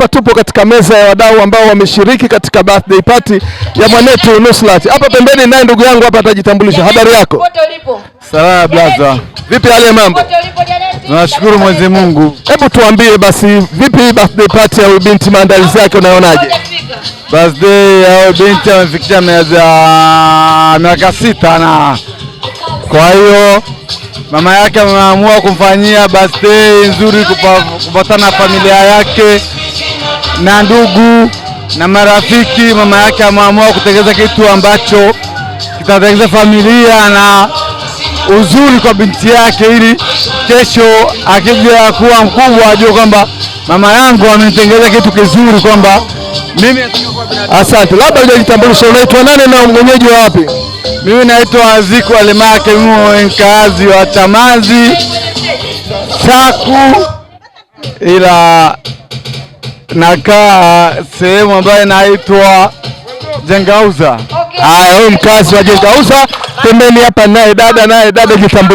Hapa tupo katika meza ya wadau ambao wameshiriki katika birthday party ya mwanetu Nuslat. Hapa pembeni naye ndugu yangu hapa atajitambulisha. Habari yako? Salama blaza. Vipi hali ya mambo? Nashukuru Mwenyezi Mungu. Hebu tuambie basi, vipi birthday party ya binti, maandalizi oh, yake unaonaje? Birthday ya binti amefikisha miaka sita na kwa hiyo mama yake ameamua kumfanyia birthday nzuri, kupatana na familia yake na ndugu na marafiki, mama yake ameamua kutengeneza kitu ambacho kitatengeneza familia na uzuri kwa binti yake, ili kesho akija kuwa mkubwa ajue kwamba mama yangu amenitengeneza kitu kizuri, kwamba mimi. Asante, labda hujajitambulisha, unaitwa nani na mwenyeji wa wapi? Mimi naitwa aziku Alemake, mimi mkaazi wa Chamazi Chaku, ila nakaa sehemu ambayo inaitwa Jengauza. Haya, huyu mkazi wa Jengauza pembeni hapa, naye dada naye dada